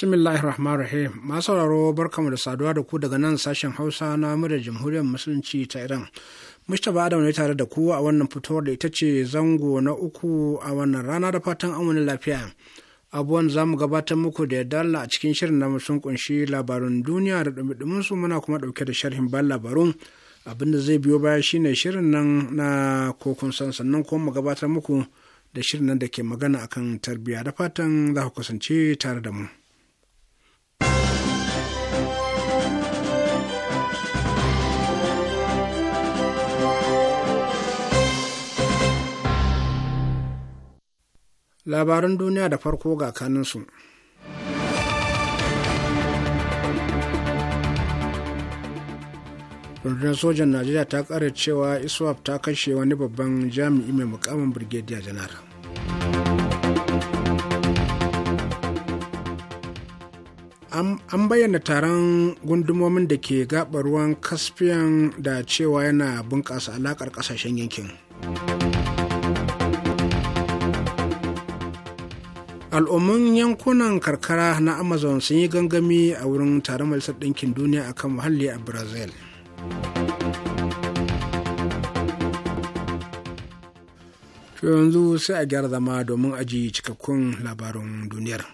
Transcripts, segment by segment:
Bismillahir Rahmanir Rahim. Masu sauraro barkamu da saduwa da ku daga nan sashen Hausa na murar Jamhuriyar Musulunci ta Iran. Mustapha Adam ne tare da ku a wannan fitowar da ita ce zango na uku a wannan rana da fatan an lafiya. Abuwan za mu gabatar muku da yadda Allah a cikin shirin namu sun kunshi labarun duniya da dumi su muna kuma ɗauke da sharhin ban labarun. Abin da zai biyo baya shine shirin nan na kokun san sannan kuma mu gabatar muku da shirin nan da ke magana akan tarbiyya da fatan za ku kasance tare da mu. labaran duniya da farko ga kaninsu rundunar sojan najeriya ta kare cewa iswap ta kashe wani babban jami'i mai mukamin birgediya janar an bayyana taron gundumomin da ke gaɓa ruwan caspian da cewa yana bunƙasa alaƙar ƙasashen yankin. Al'umman yankunan karkara na amazon sun yi gangami a wurin taron majalisar ɗinkin duniya akan muhalli a brazil to yanzu sai a gyara zama domin aji cikakkun labarin duniyar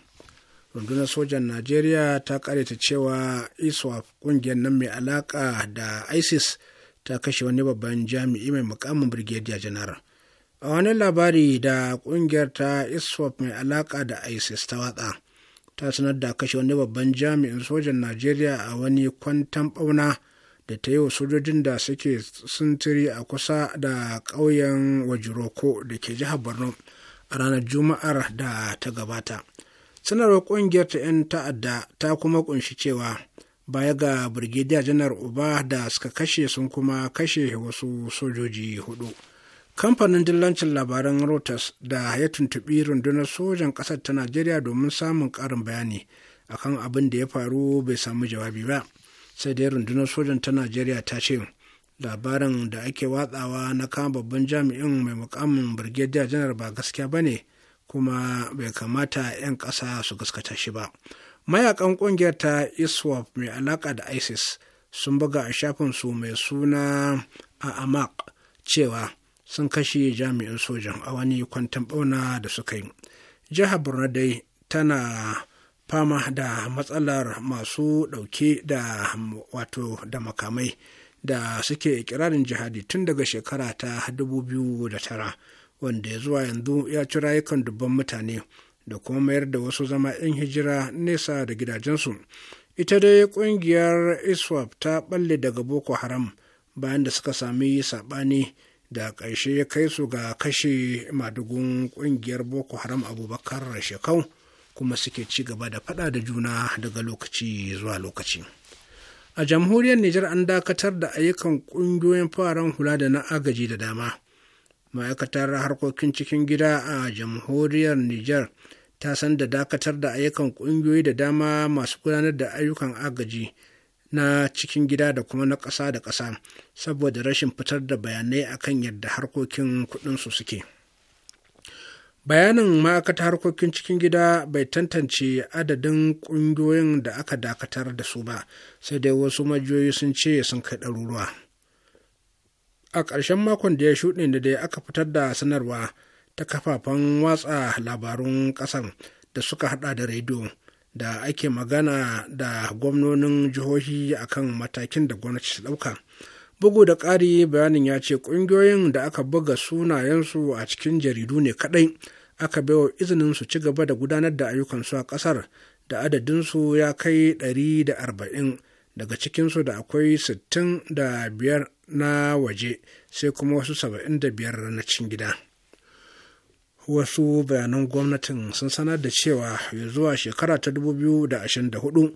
rundunar sojan najeriya ta karyata cewa iswa kungiyar nan mai alaka da isis ta kashe wani babban jami'i mai mukamin brigadier janar. a wani labari da kungiyar ta iswap mai alaka da isis ta watsa ta sanar da kashe wani babban jami'in sojan najeriya a wani kwantan bauna da ta yi wa sojojin da suke sintiri a kusa da ƙauyen wajiroko da ke jihar borno a ranar juma'ar da ta gabata sanarwar ƙungiyar ta 'yan ta'adda ta kuma kunshi cewa baya ga birgidiya janar uba da suka kashe sun kuma kashe wasu sojoji hudu. kamfanin dillancin labaran reuters da ya tuntubi rundunar sojan ƙasar ta najeriya domin samun ƙarin bayani akan abin da ya faru bai samu jawabi ba sai dai rundunar sojan ta najeriya ta ce labaran da ake watsawa na kama babban jami'in mai mukamin birgediya janar ba gaskiya ba ne kuma bai kamata 'yan ƙasa su gaskata shi ba mayakan ƙungiyar ta iswap mai alaƙa da isis sun buga a shafinsu mai suna a amaq cewa sun kashe jami'in sojan a wani kwantan bauna da suka yi jihar borno dai tana fama da matsalar masu ɗauke da wato da makamai da suke ikirarin jihadi tun daga shekara ta 2009 wanda ya zuwa yanzu ya ci rayukan dubban mutane da kuma mayar da wasu zama 'yan hijira nesa da gidajensu ita dai kungiyar iswap ta balle daga boko haram bayan da suka sami saɓani da ƙarshe ya kai su ga kashe madugun ƙungiyar boko haram abubakar shekau kuma suke ci gaba da faɗa da juna daga lokaci zuwa lokaci a jamhuriyar nijar an dakatar da ayyukan ƙungiyoyin fararen hula da na agaji da dama ma'aikatar harkokin cikin gida a jamhuriyar nijar ta san da dakatar da ayyukan ƙungiyoyi da dama masu gudanar da ayyukan agaji na cikin gida da kuma na ƙasa da ƙasa saboda rashin fitar da bayanai a kan yadda harkokin kuɗinsu suke bayanin ma'aikata harkokin cikin gida bai tantance adadin ƙungiyoyin da aka dakatar da su ba sai dai wasu majiyoyi sun ce sun kai ɗaruruwa a ƙarshen makon da ya shuɗe da dai aka fitar da sanarwa ta kafafen watsa labarun ƙasar da suka haɗa da rediyo da ake magana da gwamnonin jihohi akan matakin da gwamnati ta ɗauka. Bugu da ƙari bayanin ya ce ƙungiyoyin da aka buga sunayensu a cikin jaridu ne kaɗai aka baiwa izinin su ci gaba da gudanar da ayyukansu a ƙasar da adadinsu ya kai 140 daga cikinsu da akwai 65 na waje sai kuma wasu 75 na cin gida. wasu bayanan gwamnatin sun sanar da cewa ya zuwa shekara ta 2024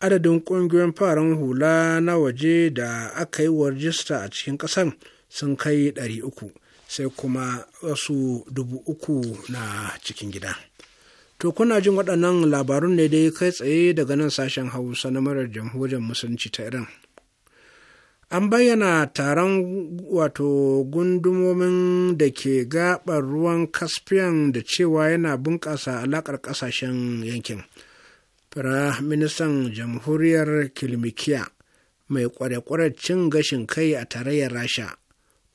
adadin ƙungiyoyin farin hula na waje da aka yi wa rajista a cikin ƙasar sun kai 300 sai kuma wasu uku na cikin gida to kuna jin waɗannan labarun ne dai kai tsaye daga nan sashen hausa na marar jamhuriyar musulunci ta iran an bayyana taron wato gundumomin da ke gabar ruwan caspian da cewa yana bunƙasa alaƙar ƙasashen yankin firaministan jamhuriyar kilmikiya mai kware cin gashin kai a tarayyar rasha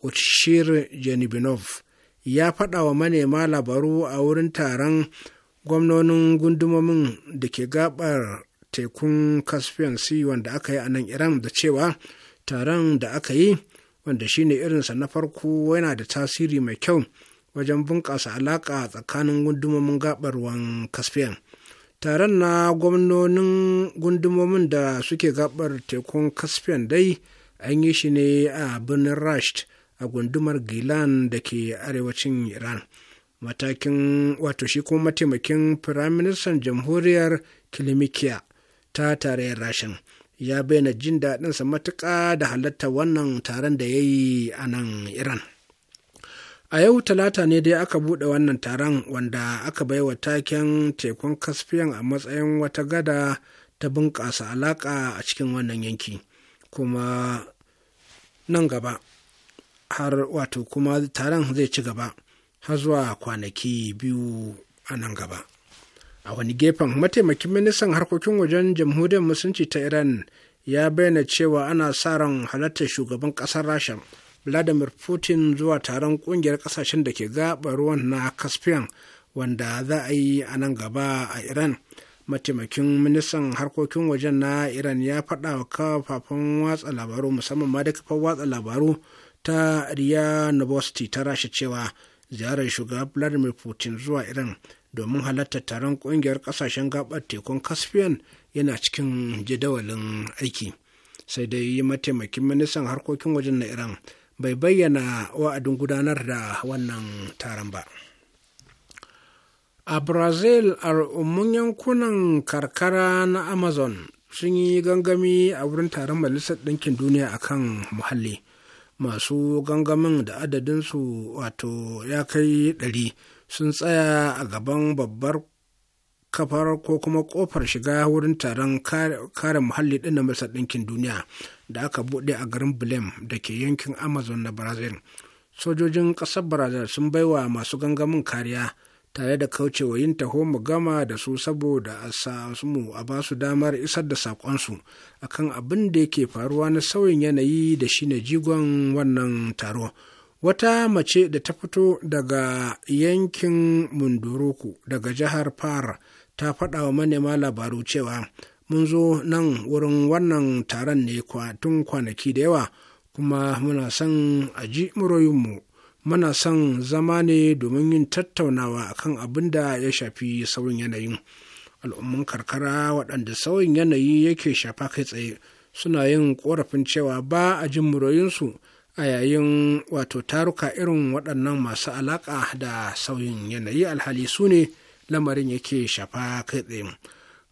utshir janibinov ya faɗa wa manema labaru a wurin taron gwamnonin gundumomin da ke gabar tekun caspian sea wanda aka yi a nan iran da cewa taron da aka yi wanda shine irinsa na farko yana da tasiri mai kyau wajen bunƙasa alaƙa tsakanin gundumomin gaɓar ruwan caspian taron na gwamnonin gundumomin da suke gaɓar tekun caspian dai an yi shi ne a birnin rasht a gundumar gilan da ke arewacin iran matakin wato shi kuma mataimakin firaministan jamhuriyar kilimikiya ta tarayyar rashin ya bayyana jin daɗinsa matuƙa da halartar wannan taron da ya yi a nan iran a yau talata ne dai aka buɗe wannan taron wanda aka bai wa taken tekun kasfiyan a matsayin wata gada ta bunƙasa alaƙa a cikin wannan yanki kuma nan gaba har wato kuma taron zai ci gaba har zuwa kwanaki biyu a nan gaba a wani gefen mataimakin ministan harkokin wajen jamhuriyar musulunci ta iran ya bayyana cewa ana sa ran halartar shugaban kasar rasha vladimir putin zuwa taron kungiyar kasashen da ke gaɓa ruwan na caspian wanda za a yi a nan gaba a iran mataimakin ministan harkokin wajen na iran ya faɗa wa kafafen watsa labaru musamman ma da kafafen watsa labaru ta riya ta rasha cewa ziyarar shugaban vladimir putin zuwa iran domin halartar taron kungiyar kasashen gabar tekun caspian yana cikin jadawalin aiki sai dai mataimakin ministan harkokin wajen na iran bai bayyana wa'adin gudanar da wannan taron ba a brazil al'ummun yankunan karkara na amazon sun yi gangami a wurin taron majalisar ɗinkin duniya a kan muhalli masu gangamin da adadinsu wato ya kai ɗari sun tsaya a gaban babbar kafar ko kuma kofar shiga wurin taron kare muhalli ɗin na majalisar ɗinkin duniya da aka buɗe a garin blem da ke yankin amazon na brazil sojojin ƙasar brazil sun baiwa masu gangamin kariya tare da kaucewa yin taho mu gama da su saboda a samu a ba su damar isar da saƙonsu akan abin da yake faruwa na sauyin yanayi da shine jigon wannan taro. wata mace da ta fito daga yankin munduruku daga jihar far ta faɗa wa manema labaru cewa mun zo nan wurin wannan taron ne tun kwanaki da yawa kuma muna son a ji muroyinmu muna son zama ne domin yin tattaunawa akan abin da ya shafi sauyin yanayin al'ummun karkara waɗanda sauyin yanayi yake shafa kai tsaye suna yin korafin cewa ba a jin muroyinsu a yayin wato taruka irin waɗannan masu alaƙa da sauyin yanayi alhali su ne lamarin yake shafa kai tsaye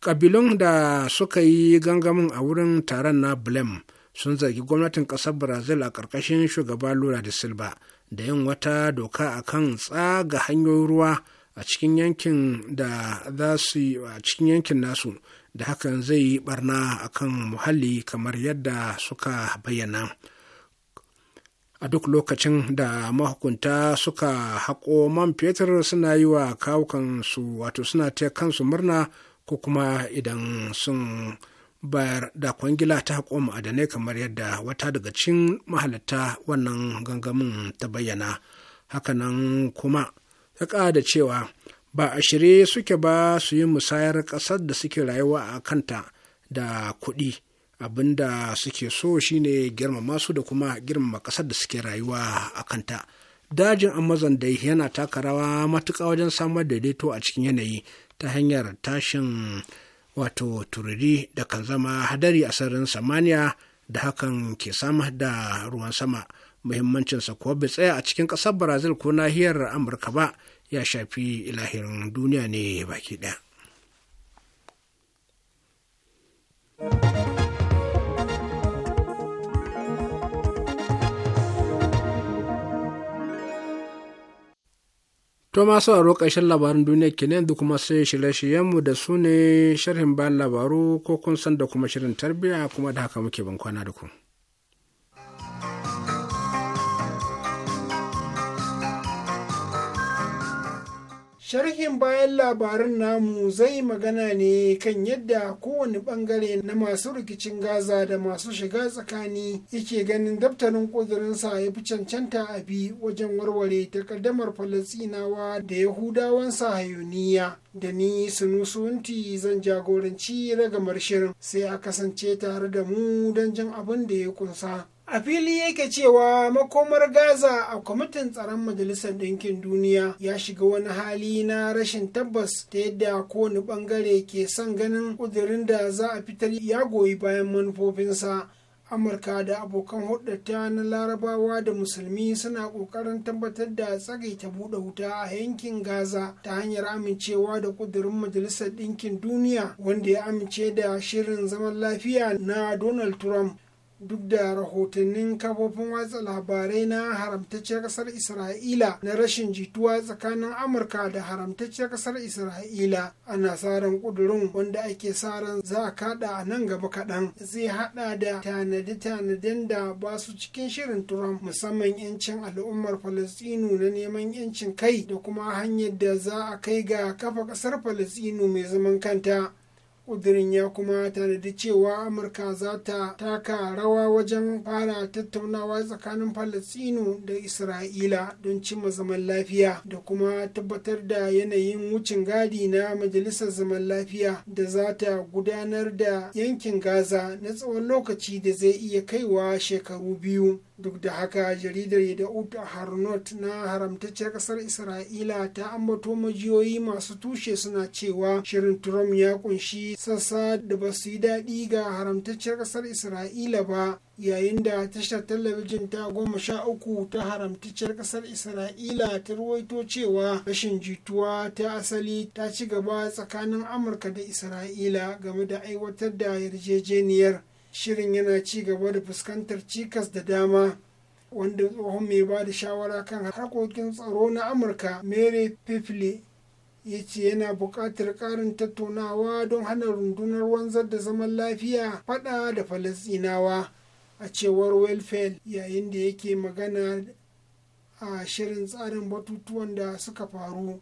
ƙabilun da suka yi gangamin a wurin taron na blem sun zargi gwamnatin ƙasar brazil a ƙarƙashin shugaba lula da silba da yin wata doka a kan tsaga hanyoyin ruwa a cikin yankin da za su a cikin yankin nasu da hakan zai yi barna akan muhalli kamar yadda suka bayyana. a duk lokacin da mahukunta suka haƙo man fetur suna yi wa kawukansu wato suna ta kansu murna ko kuma idan sun bayar da kwangila ta haƙo ma'adanai kamar yadda wata daga cin mahalatta wannan gangamin ta bayyana hakanan kuma ta ƙada cewa ba a shirye suke ba su yi musayar ƙasar da suke rayuwa a kanta da kuɗi abin da suke so shine girmama su da kuma girmama ƙasar da suke rayuwa a kanta dajin amazon da yana taka rawa matuƙa wajen samar da daidaito a cikin yanayi ta hanyar tashin wato tururi da kan zama hadari a sararin samaniya da hakan ke samar da ruwan sama muhimmancinsa kuwa bai tsaya a cikin ƙasar brazil ko nahiyar amurka ba ya shafi ilahirin duniya ne baki ɗaya. to masu aro ƙarshen labarin duniya ke duk kuma sai shirye-shiryenmu da su ne sharhin bayan labaru ko kun san da kuma shirin tarbiyya kuma da haka muke bankwana da ku. sharhin bayan labaran namu zai magana ne kan yadda kowane bangare na masu rikicin gaza da masu shiga tsakani yake ganin daftarin ƙudurinsa ya fi cancanta a bi wajen warware takaddamar falasinawa da yahudawan sahayuniya da ni sunusunti zan jagoranci ragamar shirin sai a kasance tare da mu don jin abin da ya kunsa a fili yake cewa makomar gaza a kwamitin tsaron majalisar ɗinkin duniya ya shiga wani hali na rashin tabbas ta yadda kowane bangare ke son ganin ƙudurin da za a fitar ya goyi bayan manufofinsa amurka da abokan hudata na larabawa da musulmi suna ƙoƙarin tabbatar da tsagaita buɗe wuta a yankin gaza ta hanyar amincewa da ƙudurin majalisar ɗinkin duniya wanda ya amince da shirin zaman lafiya na donald trump duk da rahotannin kafofin watsa labarai na haramtacciyar ƙasar isra'ila na rashin jituwa tsakanin amurka da haramtacciyar ƙasar isra'ila ana tsarin kudurin wanda ake ran za a kada a nan gaba kaɗan zai haɗa da tanade-tanaden da ba su cikin shirin trump musamman yancin al'ummar falastinu na neman yancin kai da kuma hanyar da za a kai ga kafa ƙasar falastinu mai zaman kanta ƙudirin ya kuma tanadi cewa amurka za ta taka rawa wajen fara tattaunawa tsakanin Falasino da isra'ila don cimma zaman lafiya da kuma tabbatar da yanayin wucin gadi na majalisar zaman lafiya da za ta gudanar da yankin gaza na tsawon lokaci da zai iya kaiwa shekaru biyu duk da haka jaridar a harnot na haramtacciyar kasar isra'ila ta ambato majiyoyi masu tushe suna cewa shirin trump ya kunshi sassa da ba su yi daɗi ga haramtacciyar kasar isra'ila ba yayin da tashar talabijin ta goma sha uku ta haramtacciyar kasar isra'ila ta ruwaito cewa rashin jituwa ta asali ta ci gaba tsakanin amurka da isra'ila game da aiwatar da yarjejeniyar shirin yana ci gaba da fuskantar cikas da dama wanda tsohon mai ba da shawara kan harkokin tsaro na amurka mary pifle ya ce yana buƙatar ƙarin tattaunawa don hana rundunar wanzar da zaman lafiya fada da falasinawa a cewar welfel yayin da yake magana a shirin tsarin batutuwan da suka faru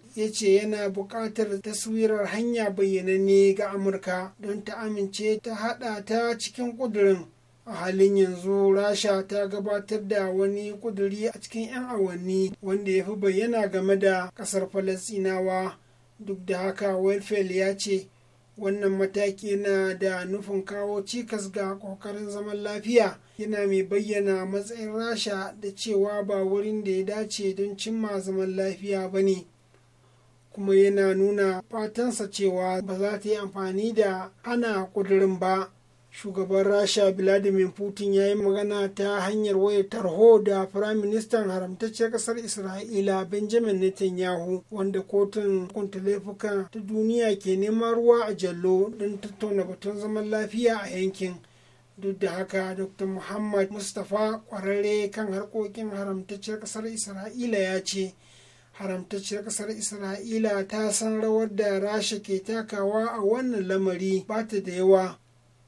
ya ce yana buƙatar taswirar hanya bayyananne ga amurka don ta amince ta haɗa ta cikin ƙudurin a halin yanzu rasha ta gabatar da wani ƙuduri a cikin 'yan awanni wanda ya fi bayyana game da ƙasar falasinawa duk da haka welfel ya ce wannan mataki yana da nufin kawo cikas ga ƙoƙarin zaman lafiya yana mai bayyana matsayin rasha da cewa ba wurin da ya dace don cimma zaman lafiya ba ne kuma yana nuna fatansa cewa ba za ta yi amfani da hana kudurin ba shugaban rasha vladimir putin ya yi magana ta hanyar wayar tarho da firayim ministan haramtacciyar kasar isra'ila benjamin netanyahu wanda kotun hukunta laifuka ta duniya ke neman ruwa a jallo don tattauna batun zaman lafiya a yankin duk da haka dr muhammad mustapha kwararre kan harkokin haramtacciyar kasar isra'ila ya ce haramtacciyar kasar isra'ila ta san rawar da rasha ke takawa a wannan lamari ba ta da yawa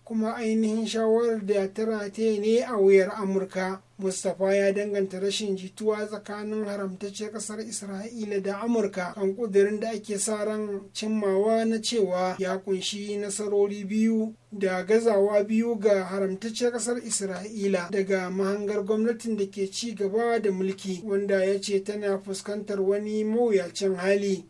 kuma ainihin shawarar da ta rataye ne a wuyar amurka mustapha ya danganta rashin jituwa tsakanin haramtacciyar kasar isra'ila da amurka kan kudirin da ake sa ran cimmawa na cewa ya kunshi nasarori biyu da gazawa biyu ga haramtacciyar kasar isra'ila daga mahangar gwamnatin da ke ci gaba da mulki wanda ya ce tana fuskantar wani mawuyacin hali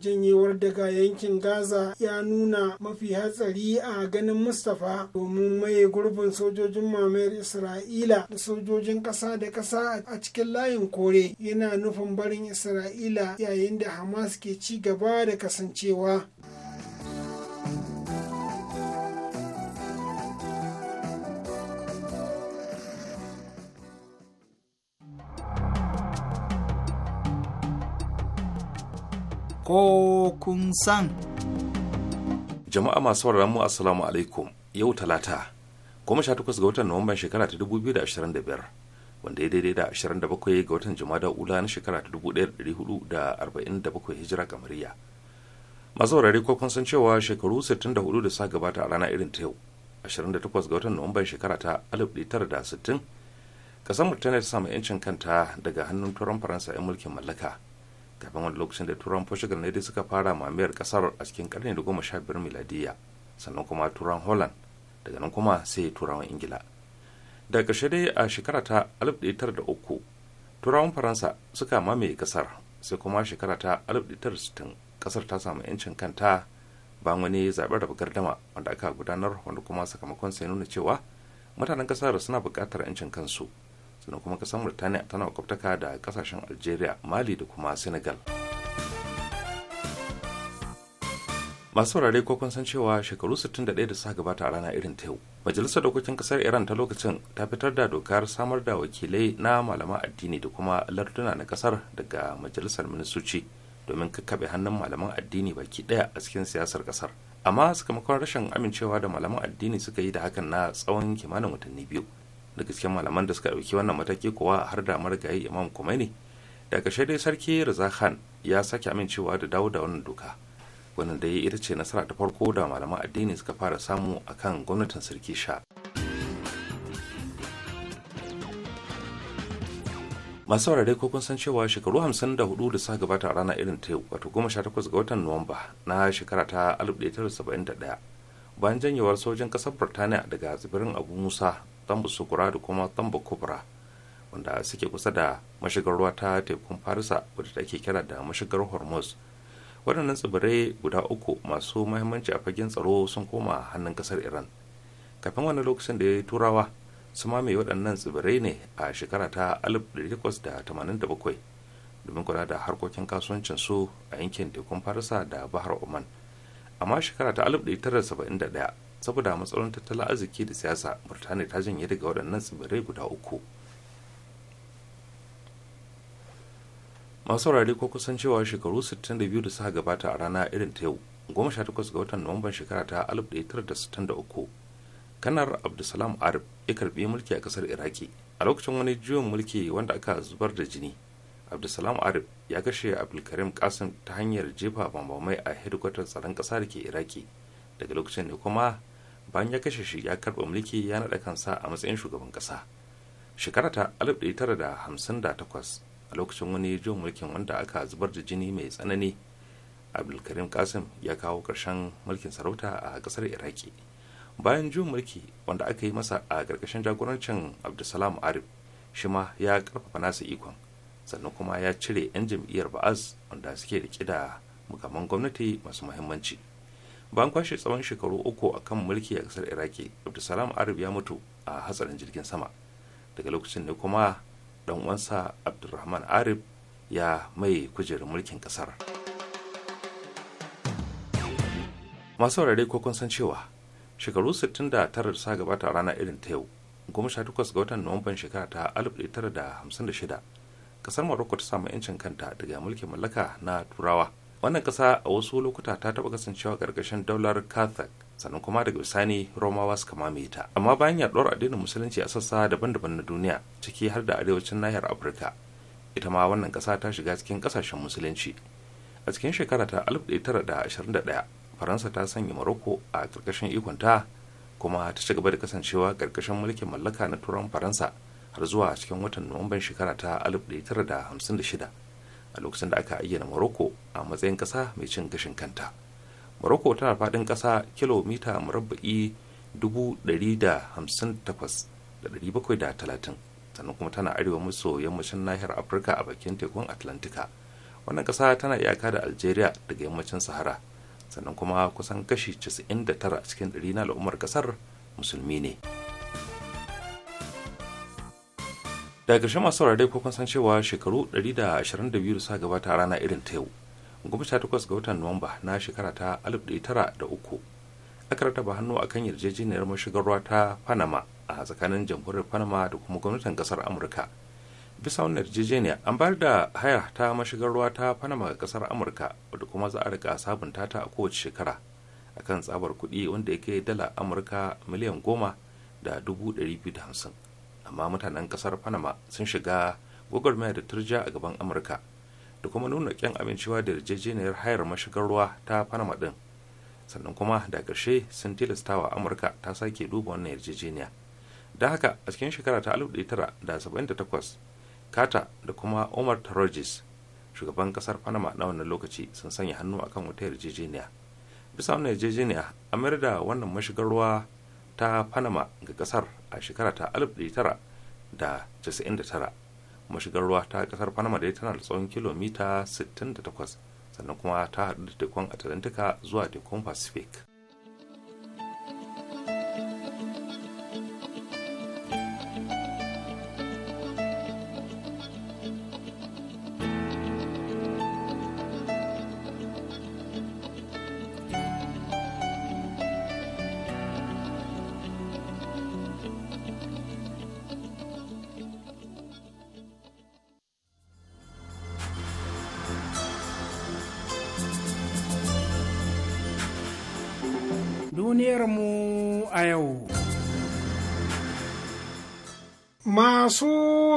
janyewar daga yankin gaza ya nuna mafi hatsari a ganin mustapha domin maye gurbin sojojin mamayar isra'ila da sojojin kasa da kasa a cikin layin kore yana nufin barin isra'ila yayin da hamas ke ci gaba da kasancewa ko kun san. Jama'a masu wararen mu Assalamu alaikum yau talata goma sha takwas ga watan Nuwamban shekara ta dubu biyu da ashirin da biyar wanda ya daidai da ashirin da bakwai ga watan Jumada Ula na shekara ta dubu ɗaya da ɗari hudu da arba'in da bakwai hijira kamariya. Masu warare ko kun san cewa shekaru sittin da hudu da sa gabata a rana irin ta yau ashirin da takwas ga watan Nuwamban shekara ta alif ɗaya tara da sittin kasar Murtaniya ta samu 'yancin kanta daga hannun turan Faransa 'yan mulkin mallaka. kafin wani lokacin da turan portugal ne dai suka fara mamiyar kasar a cikin karni da goma sha biyar miladiya sannan kuma turan holland daga nan kuma sai turawan ingila da ƙarshe dai a shekara ta 1903 turawan faransa suka mamaye kasar sai kuma shekara ta 1960 kasar ta samu 'yancin kanta ban wani zaɓen raba gardama wanda aka gudanar wanda kuma sakamakon sai nuna cewa mutanen kasar suna buƙatar 'yancin kansu sannan kuma kasar murtaniya tana kwabtaka da kasashen algeria mali da kuma senegal masu wurare ko kun san cewa shekaru 61 da suka gabata a rana irin ta yau majalisar dokokin kasar iran ta lokacin ta fitar da dokar samar da wakilai na malaman addini da kuma larduna na kasar daga majalisar ministoci domin kakkaɓe hannun malaman addini baki ɗaya a cikin siyasar kasar amma sakamakon rashin amincewa da malaman addini suka yi da hakan na tsawon kimanin watanni biyu da gaske malaman da suka ɗauki wannan mataki kuwa har da marigayi imam kuma da daga dai sarki raza Khan ya sake amincewa da dawo da wannan doka wannan da ya ita ce nasara ta farko da malaman addini suka fara samu a kan gwamnatin sarki sha masu saurare ko kun san cewa shekaru 54 da suka gabata a rana irin ta yau wato 18 ga watan nuwamba na shekara ta 1971 bayan janyewar sojin kasar birtaniya daga tsibirin abu musa tambus sukura da kuma tamba kubra wanda suke kusa da mashigar ruwa ta tekun farisa wadda ake kira da mashigar hormuz waɗannan tsibirai guda uku masu mahimmanci a fagen tsaro sun koma hannun ƙasar iran kafin wani lokacin da ya yi turawa su mame waɗannan tsibirai ne a shekara ta 1887 domin kula da harkokin kasuwancin su a yankin tekun farisa da bahar oman amma shekara ta 1971 saboda matsalolin tattalin arziki da siyasa burtaniya ta janye daga waɗannan tsibirai guda uku masu saurare ko kusan cewa shekaru 62 da suka gabata a rana irin ta yau 18 ga watan nuwamban shekara ta 1963 kanar abdulsalam arab ya karbi mulki a kasar iraki a lokacin wani juyin mulki wanda aka zubar da jini abdulsalam arab ya kashe abdulkarim kasim ta hanyar jefa bambamai a hedikwatar tsaron kasa da ke iraki daga lokacin ne kuma bayan ya kashe shi ya karɓa mulki ya naɗa kansa a matsayin shugaban ƙasa shekara ta 1958 a lokacin wani jin mulkin wanda aka zubar da jini mai tsanani abdulkarim kasim ya kawo ƙarshen mulkin sarauta a ƙasar iraki bayan jin mulki wanda aka yi masa a ƙarƙashin jagorancin abdulsalam arif shi ma ya ƙarfafa nasa ikon sannan kuma ya cire 'yan jam'iyyar ba'az wanda suke riƙe da mukamman gwamnati masu muhimmanci. bayan kwashe tsawon shekaru uku a kan mulki a kasar iraki abdulsalam arab ya mutu a hatsarin jirgin sama daga lokacin ne kuma dan uwansa abdulrahman arab ya mai kujerar mulkin kasar masu saurare ko kun san cewa shekaru 69 da sa gabata a rana irin ta yau goma sha takwas ga watan nuwamban shekara ta 1956 kasar morocco ta samu 'yancin kanta daga mulkin mallaka na turawa wannan ƙasa a wasu lokuta ta taɓa kasancewa ƙarƙashin daular catholic sannan kuma daga bisani romawa suka mamaye ta amma bayan yaɗuwar addinin musulunci a sassa daban-daban na duniya ciki har da arewacin nahiyar afirka ita ma wannan ƙasa ta shiga cikin ƙasashen musulunci a cikin shekara ta 1921 faransa ta sanya morocco a ƙarƙashin ikonta kuma ta ci gaba da kasancewa ƙarƙashin mulkin mallaka na turan faransa har zuwa cikin watan nuwamban shekara ta 1956 a lokacin da aka ayyana morocco a matsayin ƙasa mai cin gashin kanta morocco tana faɗin ƙasa kilomita murabba'i talatin sannan kuma tana arewa maso yammacin nahiyar afirka a bakin tekun atlantika wannan ƙasa tana iyaka da algeria daga yammacin sahara sannan kuma kusan kashi tara cikin ɗari na al'ummar ƙasar musulmi ne. daga ƙarshe masu saurare dai kun san cewa shekaru 122 da suka gabata a rana irin ta yau goma sha takwas ga watan nuwamba na shekara ta 1903 aka ba hannu akan yarjejeniyar mashigar ruwa ta panama a tsakanin jamhuriyar panama da kuma gwamnatin ƙasar amurka bisa wannan yarjejeniya an bayar da haya ta mashigar ruwa ta panama ga kasar amurka da kuma za a rika sabunta ta a kowace shekara akan tsabar kuɗi wanda yake dala amurka miliyan goma da dubu ɗari biyu da hamsin amma mutanen kasar panama sun shiga gwagwarmaya da turja a gaban amurka da kuma nuna kyan amincewa da yarjejeniyar hayar mashigar ruwa ta panama din sannan kuma da ƙarshe sun tilastawa amurka ta sake duba wannan yarjejeniya da haka a cikin shekara ta 1978 kata da kuma omar tarojis shugaban kasar panama na wannan lokaci sun sanya hannu akan wata yarjejeniya bisa wannan yarjejeniya a mayar da wannan mashigar ruwa ta panama ga kasar a shekara ta 1999 mashigar ruwa ta kasar panama da tana da tsawon kilomita 68 sannan kuma ta haɗu da tekun atlantika zuwa tekun pacific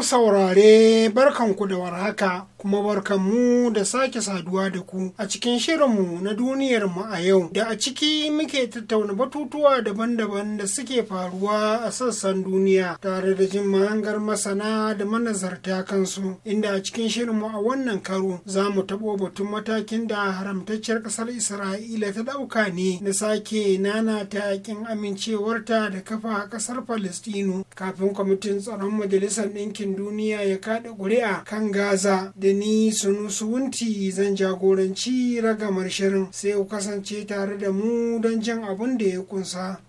saurare barkanku da warhaka kuma barkanmu da sake saduwa da ku a cikin shirinmu na duniyarmu a yau da a ciki muke tattauna batutuwa daban-daban da suke faruwa a sassan duniya tare da jin mahangar masana da manazarta kansu inda a cikin shirinmu a wannan karo za mu taɓo batun matakin da haramtacciyar ƙasar isra'ila ta ɗauka ne na sake nana ta yakin amincewarta da kafa ƙasar falistinu kafin kwamitin tsaron majalisar ɗinkin duniya ya kaɗa ƙuri'a a kan gaza da ni suwunti zan jagoranci ragamar shirin sai ku kasance tare da mu don jin abin da ya kunsa.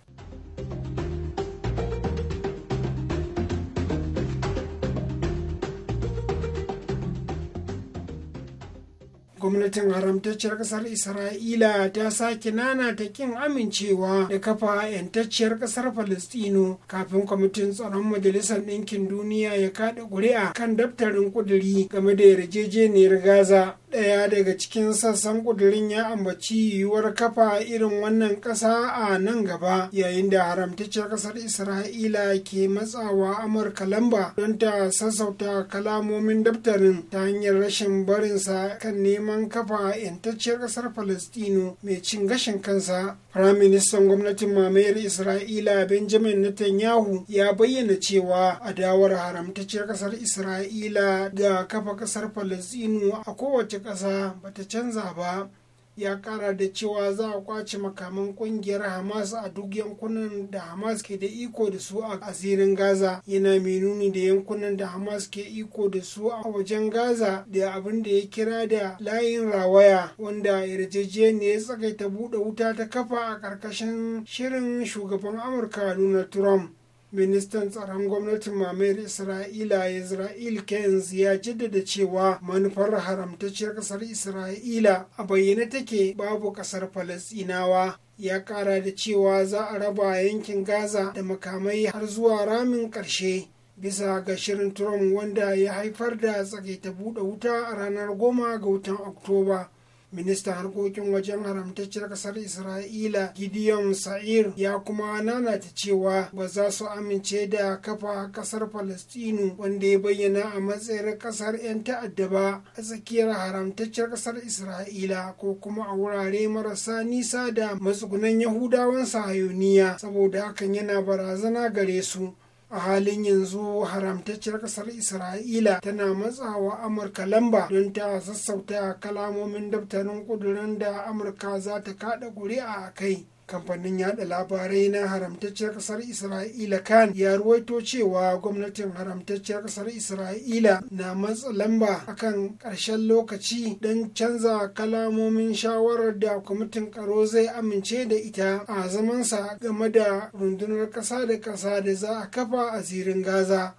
gwamnatin haramtacciyar kasar isra'ila ta sake nana ta kin amincewa da kafa 'yantacciyar kasar palestino kafin kwamitin tsaron majalisar ɗinkin duniya ya kaɗa ƙuri'a kan daftarin ƙuduri game da yarjejeniyar gaza ɗaya daga cikin sassan ƙudurin ya ambaci yiwuwar kafa irin wannan ƙasa a nan gaba yayin da haramtacciyar ƙasar isra'ila ke matsawa amurka lamba don ta sassauta kalamomin daftarin ta hanyar rashin barinsa kan neman kafa 'yantacciyar ƙasar falastino mai cin gashin kansa Firaministan gwamnatin mamayar Isra'ila Benjamin Netanyahu ya bayyana cewa adawar haramtacciyar ƙasar Isra'ila ga kafa ƙasar Falasɗinu a kowace ƙasa bata canza ba. ya kara da cewa za a kwace makaman kungiyar hamas a duk yankunan da hamas ke da iko da su a asirin gaza yana mai nuni da yankunan da hamas ke iko da su a wajen gaza da abin da ya kira da layin rawaya wanda yarjejeniyar tsakaita buɗe wuta ta kafa a karkashin shirin shugaban amurka donald trump ministan tsaron gwamnatin mamayar isra'ila israel kenz ya jaddada cewa manufar haramtacciyar kasar isra'ila a bayyane take babu kasar falasinawa ya kara da cewa za a raba yankin gaza da makamai har zuwa ramin karshe bisa ga shirin trump wanda ya haifar da tsakaita buɗe wuta a ranar goma ga watan oktoba ministan harkokin wajen haramtacciyar kasar isra'ila gideon sa'ir ya kuma nanata cewa ba za su amince da kafa kasar falastinu wanda ya bayyana a matsayin kasar 'yan ta'adda ba a tsakiyar haramtacciyar kasar isra'ila ko kuma a wurare marasa nisa da matsugunan yahudawan sahayoniya saboda hakan yana barazana gare su a halin yanzu haramtacciyar kasar isra'ila tana matsawa amurka lamba don ta sassauta kalamomin daftarin kudurin da amurka za ta kada ƙuri'a a kai kamfanin yada labarai na haramtacciyar kasar isra'ila kan ya ruwaito cewa gwamnatin haramtacciyar kasar isra'ila na matsa lamba akan ƙarshen lokaci don canza kalamomin shawarar da kwamitin karo zai amince da ita a zamansa game da rundunar ƙasa da ƙasa da za a kafa a zirin gaza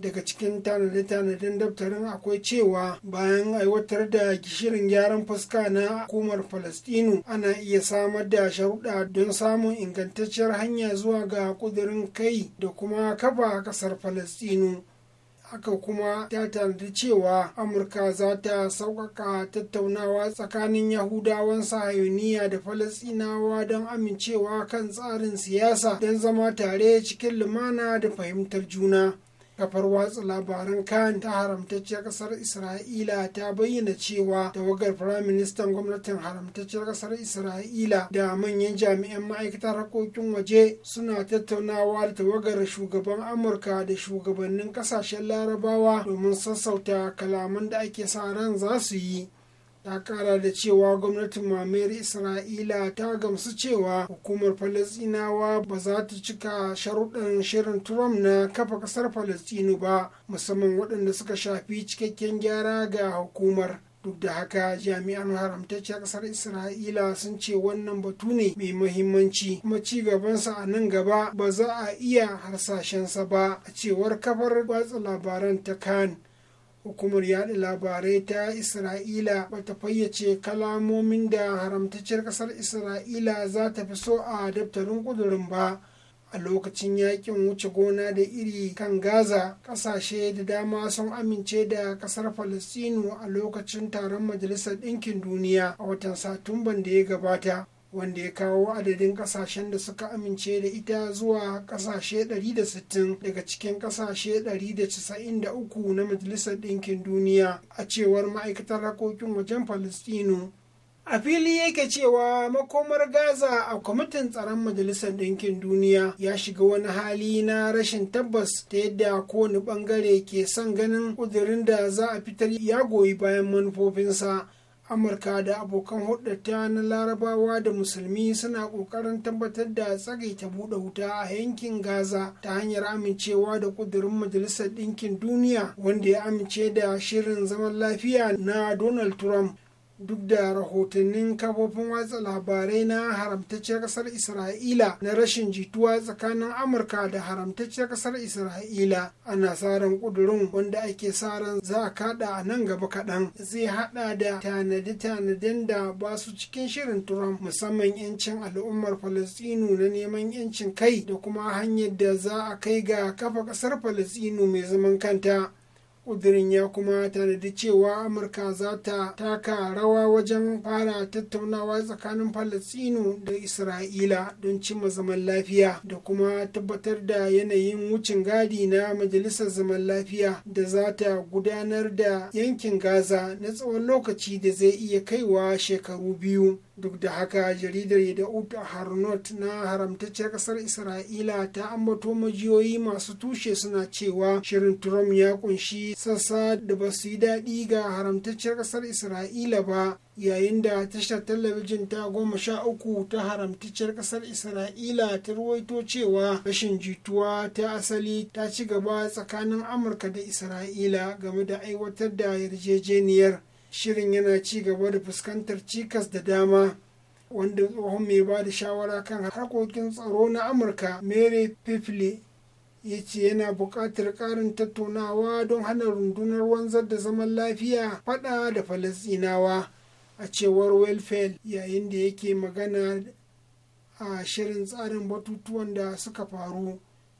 daga cikin tanade tanadin daftarin akwai cewa bayan aiwatar da gishirin gyaran fuska na hukumar falastinu ana iya samar da sharuɗa don samun ingantacciyar hanya zuwa ga ƙudurin kai da kuma kafa ƙasar falastinu haka kuma ta tanadi cewa amurka za ta sauƙaƙa tattaunawa tsakanin yahudawan sahayuniya da falasinawa don amincewa kan tsarin siyasa don zama tare cikin lumana da fahimtar juna kafar watsa labaran kan ta haramtacciyar kasar isra'ila ta bayyana cewa tawagar firaministan gwamnatin haramtacciyar kasar isra'ila da manyan jami'an ma'aikatar harkokin waje suna tattaunawa da tawagar shugaban amurka da shugabannin kasashen larabawa domin sassauta kalaman da ake sa ran za su yi ta kara da cewa gwamnatin mamayar isra'ila ta gamsu cewa hukumar falasinawa ba za ta cika sharuɗan shirin trump na kafa ƙasar falasinu ba musamman waɗanda suka shafi cikakken gyara ga hukumar duk da haka jami'an haramtacciyar ƙasar isra'ila sun ce wannan batu ne mai mahimmanci kuma ci gabansa a nan gaba ba za a iya harsashensa ba a cewar kafar watsa labaran ta kan hukumar yaɗa labarai ta isra'ila bata fayyace kalamomin da haramtacciyar kasar isra'ila za ta fi so a daftarin kudurin ba a lokacin yakin wuce gona da iri kan gaza ƙasashe da dama sun amince da ƙasar falastinu a lokacin taron majalisar ɗinkin duniya a watan satumban da ya gabata wanda ya kawo adadin kasashen da suka amince da ita zuwa kasashe 160 daga cikin kasashe 193 na majalisar ɗinkin duniya a cewar ma'aikatar harkokin wajen palestino a fili yake cewa makomar gaza a kwamitin tsaron majalisar ɗinkin duniya ya shiga wani hali na rashin tabbas ta yadda kowane ɓangare ke son ganin ƙudurin da za a fitar ya goyi bayan manufofinsa amurka da abokan hudata na larabawa da musulmi suna kokarin tabbatar da ta buɗe wuta a yankin gaza ta hanyar amincewa da Kudurin majalisar ɗinkin duniya wanda ya amince da shirin zaman lafiya na donald trump duk da rahotannin kafofin watsa labarai na haramtacciyar kasar isra'ila na rashin jituwa tsakanin amurka da haramtacciyar kasar isra'ila ana tsarin kudurin wanda ake ran za a kada a nan gaba kaɗan zai hada da tanade tanadin da ba su cikin shirin trump musamman yancin al'ummar falastinu na neman yancin kai da kuma hanyar da za a kai ga kafa kasar falastinu mai zaman kanta ƙudirin ya kuma tanadi cewa amurka za ta taka rawa wajen fara tattaunawa tsakanin Falasinu da isra'ila don cimma zaman lafiya da kuma tabbatar da yanayin wucin gadi na majalisar zaman lafiya da za ta gudanar da yankin gaza na tsawon lokaci da zai iya kaiwa shekaru biyu duk da haka jaridar yadda'ut harnot na haramtacciyar kasar isra'ila ta ambato majiyoyi masu tushe suna cewa shirin trump ya kunshi sassa da ba su yi daɗi ga haramtacciyar kasar isra'ila ba yayin da tashar talabijin ta goma sha uku ta haramtacciyar kasar isra'ila ta ruwaito cewa rashin jituwa ta asali ta ci gaba tsakanin amurka da isra'ila game da aiwatar da yarjejeniyar shirin yana ci gaba da fuskantar cikas da dama wanda tsohon mai ba da shawara kan harkokin tsaro na amurka mary pifle ya ce yana buƙatar ƙarin tattaunawa don hana rundunar wanzar da zaman lafiya faɗa da falasɗinawa a cewar welfare yayin da yake magana a shirin tsarin batutuwan da suka faru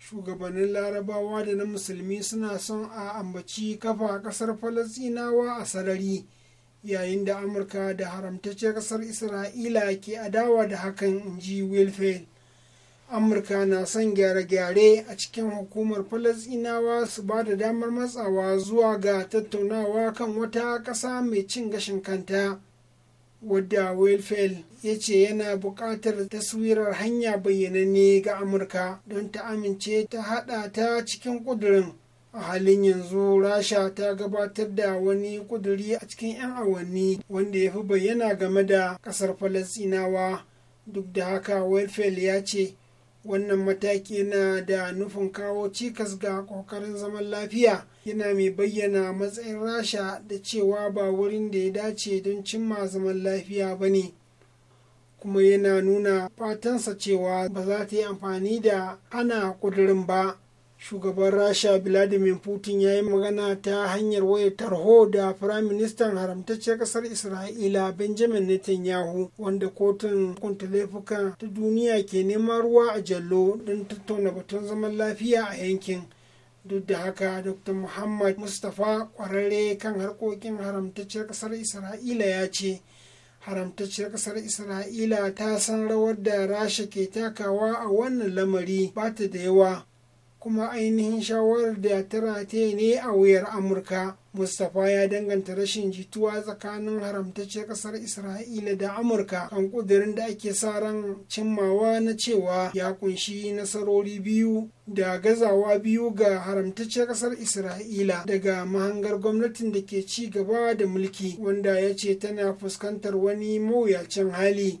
shugabannin larabawa da na musulmi suna son a ambaci kafa kasar falasinawa a sarari yayin da amurka da haramtacce kasar isra'ila ke adawa da hakan in ji wilfred amurka na son gyare-gyare a cikin hukumar falasinawa su ba da damar matsawa zuwa ga tattaunawa kan wata ƙasa mai cin gashin kanta wadda wilfred ya ce yana buƙatar taswirar hanya bayyanane ga amurka don ta amince ta haɗa ta cikin ƙudurin a halin yanzu rasha ta gabatar da wani ƙuduri a cikin 'yan awanni wanda ya fi bayyana game da ƙasar falasinawa duk da haka welfare ya ce wannan mataki yana da nufin kawo cikas ga ƙoƙarin zaman lafiya yana mai bayyana matsayin rasha da cewa ba wurin da ya dace don cimma zaman lafiya ba ne kuma yana nuna fatansa cewa ba za ta yi amfani da ana kudurin ba shugaban rasha vladimir putin ya yi magana ta hanyar wayar tarho da firayim ministan haramtacciyar kasar isra'ila benjamin netanyahu wanda kotun hukunta laifuka ta duniya ke neman ruwa a jallo don tattauna batun zaman lafiya a yankin duk da haka dr muhammad mustapha kwararre kan harkokin haramtacciyar kasar isra'ila ya ce haramtacciyar kasar isra'ila ta san rawar da rasha ke takawa a wannan lamari ba ta da yawa kuma ainihin shawarar da ta rataye ne a wuyar amurka mustapha ya danganta rashin jituwa tsakanin haramtacciyar kasar isra'ila da amurka kan kudirin da ake sa ran cimmawa na cewa ya kunshi nasarori biyu da gazawa biyu ga haramtacciyar kasar isra'ila daga mahangar gwamnatin da ke ci gaba da mulki wanda ya ce tana fuskantar wani mawuyacin hali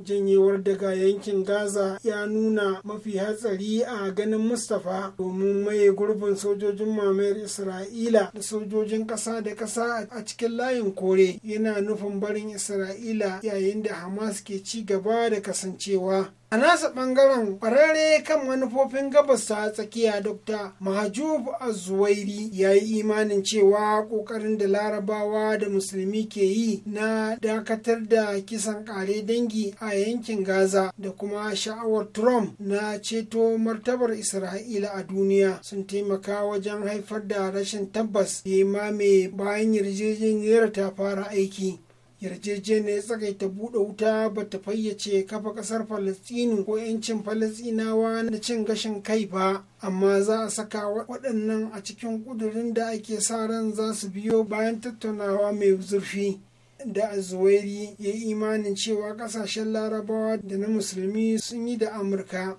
janyewar daga yankin gaza ya nuna mafi hatsari a ganin mustapha domin maye gurbin sojojin mamayar isra'ila da sojojin kasa da kasa a cikin layin kore yana nufin barin isra'ila yayin da hamas ke ci gaba da kasancewa a nasa bangaren kwararre kan manufofin gabas ta tsakiya dr mahajub azuwairi ya yi imanin cewa kokarin da larabawa da musulmi ke yi na dakatar da kisan kare dangi a yankin gaza da kuma sha'awar trump na ceto martabar isra'ila a duniya sun taimaka wajen haifar da rashin tabbas ya mame bayan yarjejeniyar ta fara aiki yarjejeniyar ta buɗe wuta ba ta fayyace kafa ƙasar falastinu ko 'yancin falastinawa na cin gashin kai ba amma za a saka waɗannan a cikin ƙudurin da ake sa ran za su biyo bayan tattaunawa mai zurfi da azuwairi ya imanin cewa ƙasashen larabawa da na musulmi sun yi da amurka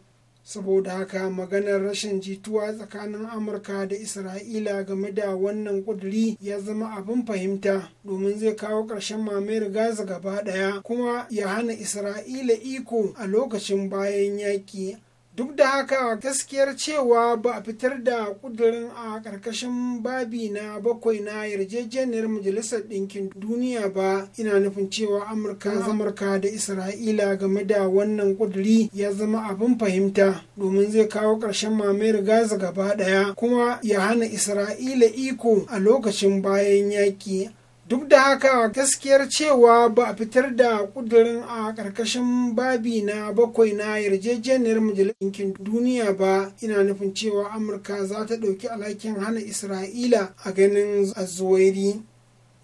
saboda haka maganar rashin jituwa tsakanin amurka da isra'ila game da wannan kuduri ya zama abin fahimta domin zai kawo ƙarshen mamayar gaza gaba ɗaya kuma ya hana isra'ila iko a lokacin bayan yaƙi duk da haka gaskiyar cewa ba a fitar da ƙudirin a ƙarƙashin babi na bakwai na yarjejeniyar majalisar ɗinkin duniya ba ina nufin cewa amurka zamurka da isra'ila game da wannan ƙudiri ya zama abin fahimta domin zai kawo ƙarshen mamayar gaza gaba ɗaya kuma ya hana isra'ila iko a lokacin bayan yaƙi duk da haka gaskiyar cewa ba a fitar da ƙudirin a ƙarƙashin babi na bakwai na yarjejeniyar majalisar duniya ba ina nufin cewa amurka za ta ɗauki alhakin hana isra'ila a ganin azuwairi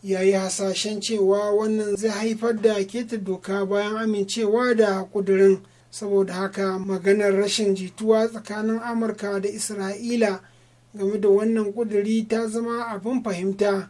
ya yi hasashen cewa wannan zai haifar da keta doka bayan amincewa da ƙudirin, saboda haka maganar rashin jituwa tsakanin amurka da isra'ila game da wannan kuduri ta zama abin fahimta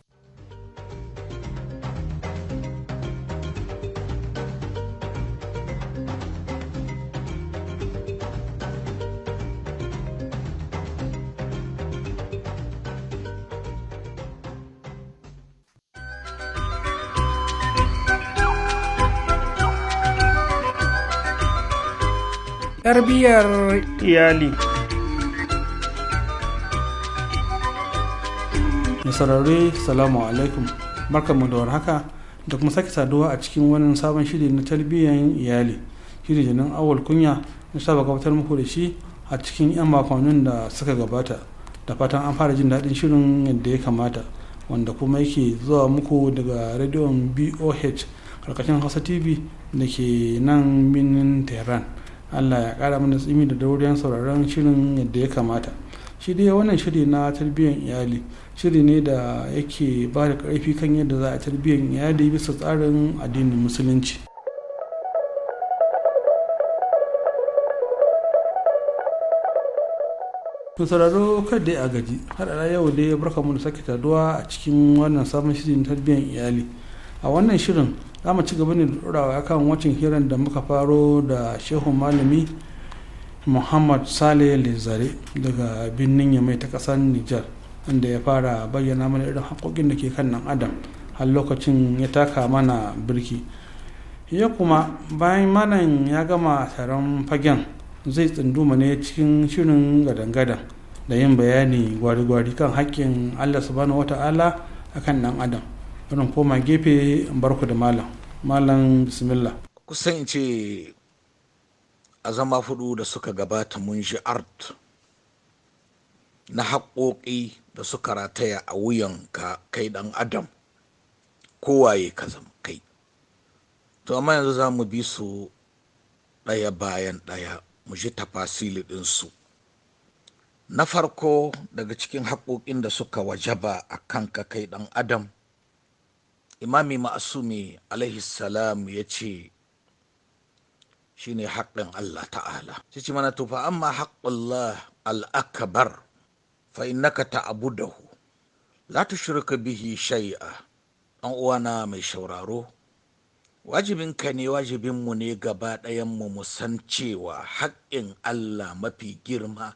tarbiyyar iyali mai salamu alaikum barkanmu da warhaka da kuma sake saduwa a cikin wani sabon shiri na tarbiyyar iyali shiri jinin awal kunya na saba gabatar muku da shi a cikin 'yan makonnin da suka gabata da fatan an fara jin daɗin shirin yadda ya kamata wanda kuma yake zuwa muku daga rediyon boh karkashin hausa tv da ke nan minin tehran allah ya kara mana tsimi da dauriyar sauraron shirin yadda ya kamata shi dai wannan shiri na tarbiyyar iyali shiri ne da yake ba da karfi kan yadda za a tarbiyyar iyali bisa tsarin addinin musulunci to sauraro kan dai a gaji har a yau dai barkamu da sake taduwa a cikin wannan sabon shirin tarbiyyar iyali a wannan shirin za mu ci gaba ne da ɗorawa kan wacin hirar da muka faro da shehu malami muhammad saleh lizare daga birnin yamai ta ƙasar nijar inda ya fara bayyana mana irin haƙoƙin da ke kan nan adam har lokacin ya taka mana birki ya kuma bayan manan ya gama taron fagen zai tsunduma ne cikin shirin gadan-gadan da yin bayani gwari-gwari kan haƙƙin allah su subhanahu wata'ala akan ɗan adam barin koma gefe in bar da malam malam bismillah kusan in ce a zama fudu da suka gabata mun shi art na haƙoƙi da suka rataya a wuyan ka kai ɗan adam kowaye ka zama kai to amma yanzu za mu bi su ɗaya bayan ɗaya mu ji tafasili ɗinsu na farko daga cikin haƙoƙin da suka wajaba a kanka kai ɗan adam imami ma'asumi alaihi salam ya ce shi ne haƙƙin Allah ta'ala shi ce mana tufa amma haƙƙullah al'akabar fa innaka ta'budahu la tushrika bihi shai'a. an uwana mai shauraro wajibinka ne wajibinmu ne gaba ɗayanmu mu san cewa haƙƙin Allah mafi girma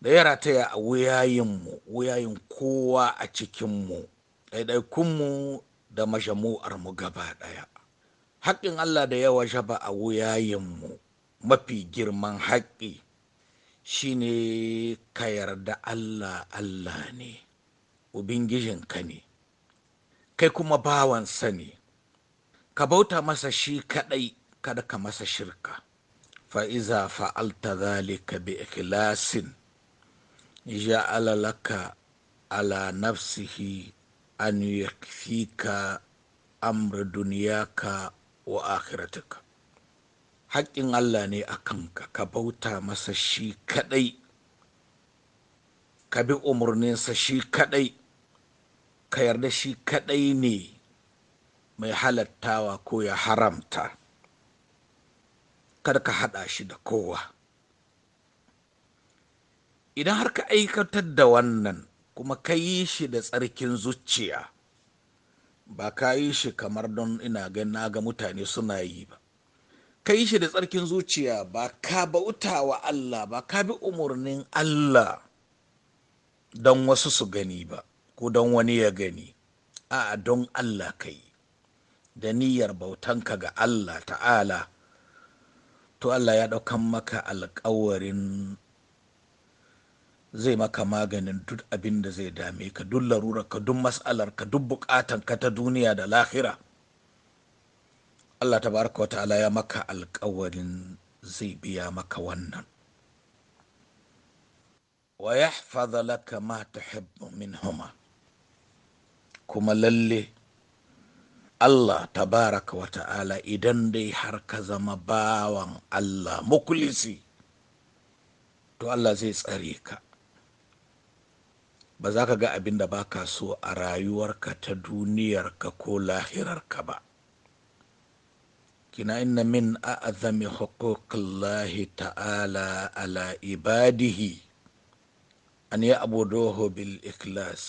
da ya rataya a wuyayinmu wuyayin kowa a cikinmu ɗaiɗaikunmu da majamu'ar mu gaba ɗaya. Haƙƙin Allah da yawa shaba a wuyayenmu mafi girman haƙƙi shine ne ka yarda Allah Allah ne, ka ne, kai kuma bawansa ne, ka bauta masa shi kaɗai kada ka masa shirka. fa'iza fa'alta zalika bi ikhlasin ja'ala laka ala nafsihi an yakfika amra ka wa ka haƙƙin Allah ne a kanka ka bauta masa shi kaɗai ka bi umarninsa shi kaɗai ka yarda shi kaɗai ne mai halattawa ko ya haramta kar ka haɗa shi da kowa idan har ka aikatar da wannan kuma ka yi shi da tsarkin zuciya ba ka yi shi kamar don ina gan na ga mutane suna yi ba ka yi shi da tsarkin zuciya ba ka bauta wa Allah ba ka bi umarnin Allah don wasu su gani ba ko don wani ya gani a don Allah ka yi da niyyar ka ga Allah ta'ala to Allah ya ɗaukan maka alkawarin zai maka maganin duk abin da zai dame ka duk larurar ka duk mas'alar ka duk bukatan ka ta duniya da lahira Allah tabaraka wa ta'ala ya maka alkawarin zai biya maka wannan wa yahfadha laka ma tuhibbu minhuma kuma lalle Allah tabaraka wa ta'ala idan dai har ka zama bawan Allah mukulisi to Allah zai tsare ka ba za ka ga abin da ba ka so a rayuwarka ta duniyarka ko lahirarka ba kina inna min a'azami Lahi ta'ala ala ibadihi an yi doho bil ikhlas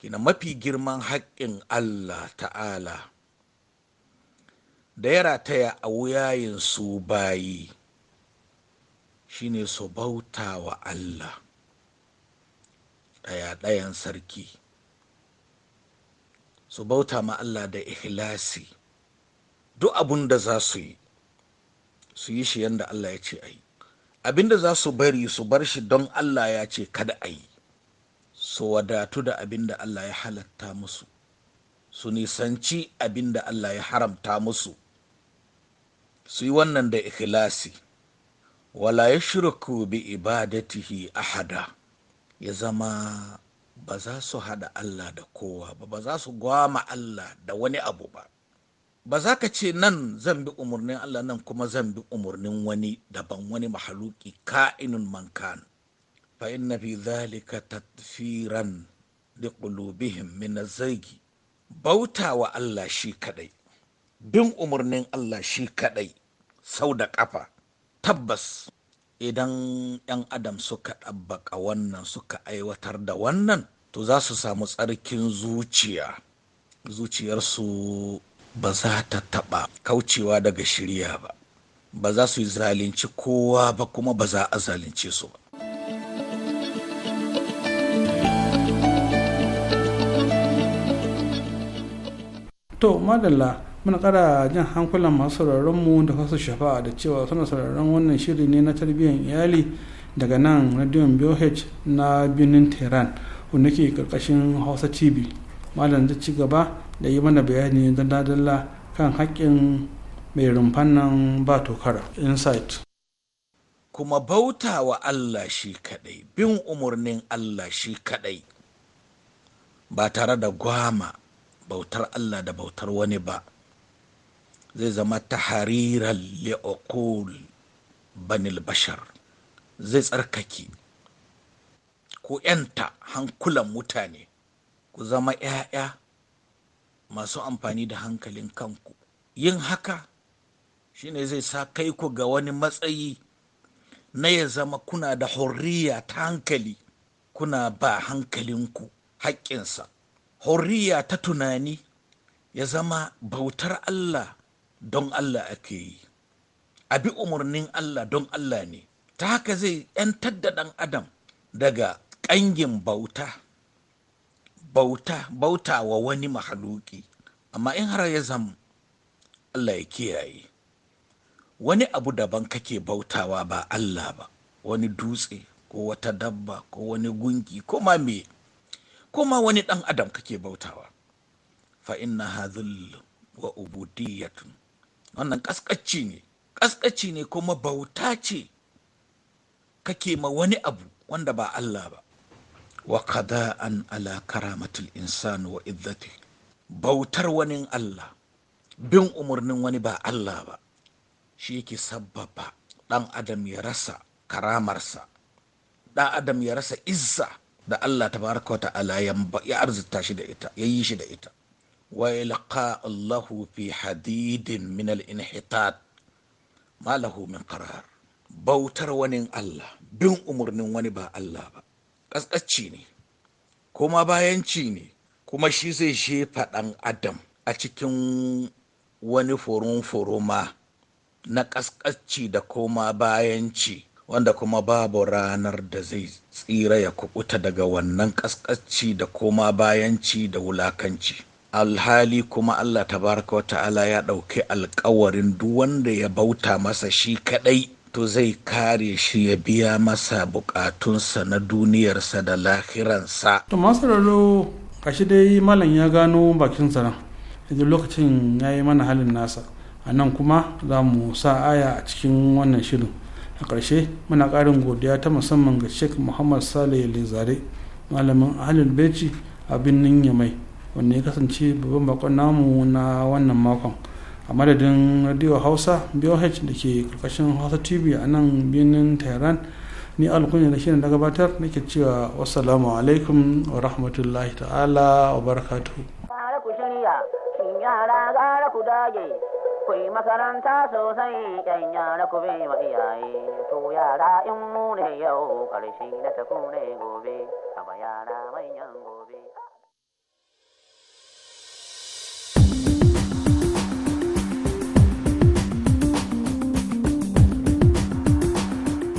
kina mafi girman haƙƙin allah ta'ala da ya rataya a wuyayin su bayi shine su bauta wa allah ɗaya-ɗayan sarki su bauta ma Allah da ihlasi duk abunda da za su yi su yi shi yadda Allah ya ce a yi abin da za su bari su bar shi don Allah ya ce kada a yi su wadatu da abin da Allah ya halatta musu su nisanci abin da Allah ya haramta musu su yi wannan da ikhlasi wala ya shirku bi ibadatihi ahada ya zama ba za su haɗa Allah da kowa ba ba za su gwama Allah da wani abu ba ba za ka ce nan zan bi umarnin Allah nan kuma zan bi umarnin wani daban wani mahaluki ka'inun mankan fa inna fi dhalika tatfiran li qulubihim min az bauta wa Allah shi kadai bin umarnin Allah shi kadai sau da kafa tabbas idan 'yan adam suka ɗabbaƙa wannan suka aiwatar da wannan to za su samu tsarkin zuciya zuciyarsu ba za ta taɓa kaucewa daga shirya ba ba za su yi zalunci kowa ba kuma ba za a zalunce su ba to madalla muna kara jan hankulan masu mu da fasu shafa'a da cewa suna sauraron wannan shiri ne na tarbiyyar iyali daga nan radion BOH na birnin tehran wanda ke karkashin hausa tv malam zai ci gaba da yi mana bayani dalla kan haƙƙin mai rumfan nan ba tokara insight kuma bauta wa allah shi kaɗai bin umarnin allah shi kaɗai ba tare da gwama bautar allah da bautar wani ba zai zama tahariran Leokul banil bashar zai tsarkake ku yanta hankulan mutane ku zama 'ya'ya masu amfani da hankalin kanku yin haka shine zai sa kai ku ga wani matsayi na ya zama kuna da horriya ta hankali kuna ba hankalinku haƙƙinsa Horriya ta tunani ya zama bautar allah don Allah ake yi a bi umarnin Allah don Allah ne ta haka zai 'yantar da ɗan adam daga ƙangin bauta bauta bauta wa wani mahaluki amma in har ya zama Allah ya kiyaye wani abu daban kake bautawa ba Allah ba wani dutse ko wata dabba ko wani gunki ko ma me ko ma wani ɗan adam kake bautawa fa inna hadhil wa ubudiyatun wannan kaskaci ne Kaskaci ne kuma bauta ce kake ma wani abu wanda ba Allah ba wa qada'an ala karamatul insani wa izzati bautar wani Allah bin umurnin wani ba Allah ba shi yake sabbaba ɗan adam ya rasa karamarsa ɗan adam ya rasa izza da Allah tabaraka wa ta'ala ya arzuta shi da ita ya yi shi da ita wa ilqa Allahu fi hadidin minal al-inhitat ma min qarar bautar wani Allah bin umarnin wani ba Allah ba kaskacci ne kuma bayanci ne kuma shi zai shefa ɗan adam a cikin wani forum na kaskacci da koma bayanci wanda kuma babu ranar da zai tsira ya kubuta daga wannan kaskacci da koma bayanci da wulakanci alhali kuma Allah tabaraka wa ta'ala ya ɗauki alkawarin duk wanda ya bauta masa shi kaɗai to zai kare shi ya biya masa bukatunsa na duniyarsa da lahiransa. to masararo kashi dai malam ya gano bakin nan yanzu lokacin ya yi mana halin nasa a nan kuma za mu sa aya a cikin wannan shirin a ƙarshe muna ƙarin godiya ta musamman ga sheikh muhammad salih lezare malamin halin beci a birnin yamai wanda ya kasance babban bakon namu na wannan makon a madadin radio hausa boh da ke karkashin hausa tv a nan birnin tehran ni alkunya da shirin da gabatar nake cewa wassalamu alaikum wa rahmatullahi ta'ala wa barakatuhu yara gara ku dage ku makaranta sosai yan yara ku bi wa iyaye to yara in mu ne yau ƙarshe na tafi ne gobe a yara manyan gobe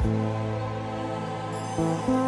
Thank you.